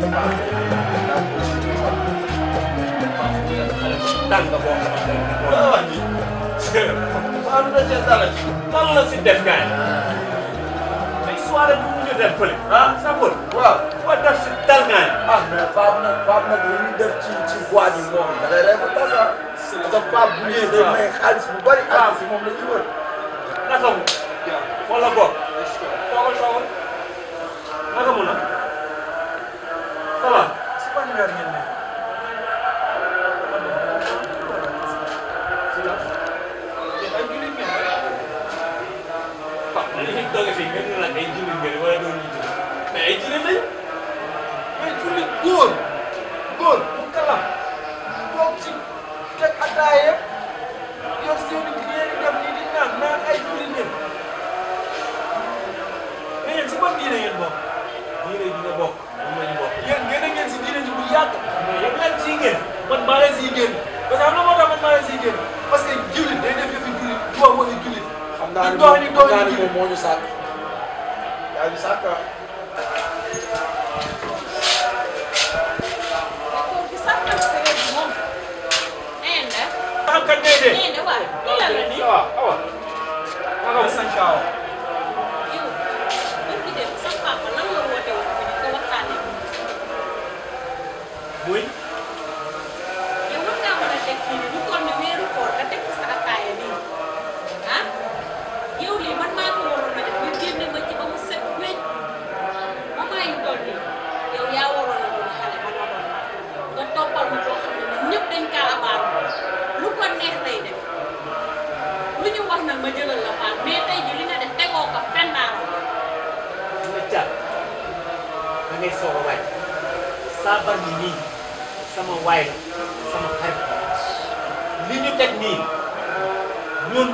tàng boo xamante ne bii boo wax nii. waaw lu dajee dara ci. lan la si def def fële. ah Sapeur. waaw boo def si dal gaay. ah mais Pape nag Pape nag li ñu ci ci voie bi moom da ngay rey ko tas ah. parce que Pape bu ñëwee day may xaalis bu bëri. si moom la ñu wër. naka mu. wala boog. est ce que toogal toogal naka ay jullit lañ mais góor góor bu kalam toog ci teg ataaya yor seeni biyeeri def nii di naan naan ay jullit lañ mais yéen si ban diine ngeen bokk diine ji nga bokk moom la ñu bokk yéen gën a ngeen si diine ji bu yàgg mais yëpp leen siy ngeen man maa leen siy génn parce que am na moo tax man maa leen siy génn parce que jullit day def yëfi jullit du wax waxi jullit xam naa ne moom fiscal. ngay soog a waay saabar mi nii sama waay la sama xarit li ñu teg nii ñun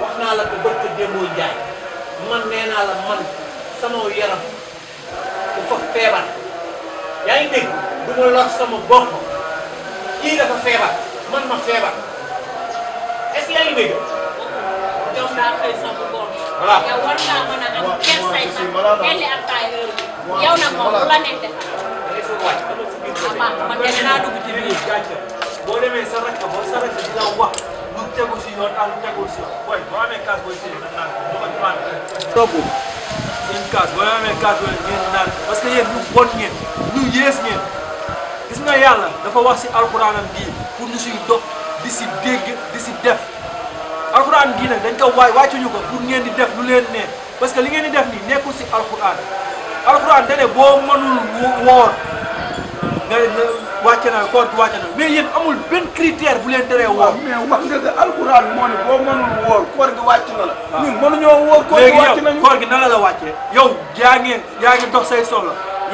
wax naa la ko bët démboo jaay man nee naa la man sama yaram bu fa feebar yaa ngi dégg du sama bopp kii dafa feebar man ma feebar est-ce que yaa daa xëy sama bopp. voilà yow war naa mën a am kenn say sax kenn li am taay heure yow nag moom la nekk defal. Ah, man boo demee sa rakk boo sa rakk dina wax lu tegu si yoon ak tegul si yoon booy boo amee kaas booy tëjee na naan boo ko naan topp ngeen naan parce que yéen ñu bon ngeen ñu yées ngeen gis nga yàlla dafa wax si alxuraanam gii pour ñu suy dox di si dégg di si def alxuraan gii nag dañ ko waay wàccuñu ko pour ngeen di def lu leen ne parce que li ngeen di def nii nekkul si alxuraan alxuraan da boo mënul woor nga wàcc na koor gi wàcc na mais yéen amul benn critère bu leen teree woor. mais wax nga ne alxuraan moo ne boo mënul woor koor gi wàcc na la. waaw ñun mënuñoo gi wàcc wàccee. yow yaa ngi yaa ngi dox say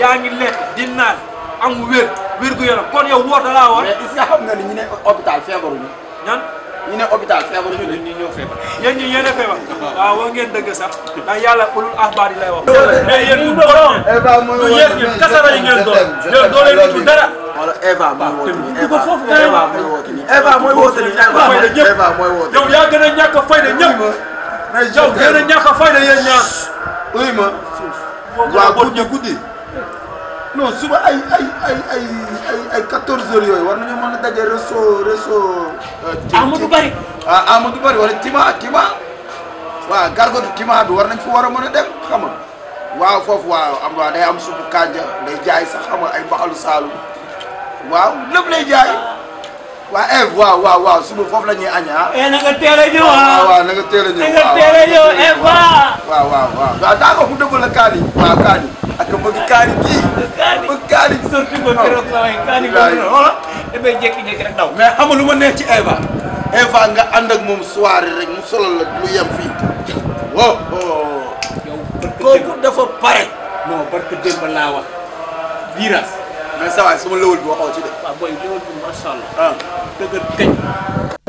yaa ngi lekk di naan am wér wér gu yaram kon yow woor da laa war. mais est-ce que xam nga ni ñu ne hôpital feebaruñu ñu ne hôpital feebar ñu ne ñoo feebar yéen ñi yéen a feebar waaw wax ngeen dëgg sax ndax yàlla ulul axbaar yi lay wax mais yéen ñu doon yéen ñi kasara yi ngeen doon yéen doo leen ñu dara wala Eva mooy woote nii Eva mooy woote nii Eva mooy woote nii Eva mooy woote yow yaa gën a ñàkk a fayda ñëpp yow gën a ñàkk a fayda yéen ñaar uy ma waa guddi guddi non suba ay ay ay ay ay ay yooyu war nañoo mën a daje réseau réseau. Euh, Amadou Bari ah Amadou Bari wala Tima Tima waaw gargotu Tima bi war nañ foo war a mën a dem xam waaw foofu waaw am waaw day am suupu kànja day jaay sax xam ay mbaxalu saalum waaw lépp lay jaay. waa Eve waaw waaw waaw suba foofu la ñuy añaa. eh na nga teel a ñëw eva waaw na nga teel a ñëw. na nga teel a ñëw Eve waaw. waaw waaw waaw waaw daa ko mu dëgg la Kaani. waaw Kaani ak bëgg Kaani kii. Kaani bëgg Kaani. surtout ba keroog la waaye Kaani ba mu ne xoola. damay jékki rek daw. mais xam lu ma neex ci Eva. Eva nga ànd ak moom soirée rek mu solal la lu yem fii. waaw. yow barke démb kooku dafa pare. non barke démb laa wax virage. mais saa waay sama lëwal bi waxoo ci de. waaw booy lëwal bi macha allah. Ah. dëgër kañ.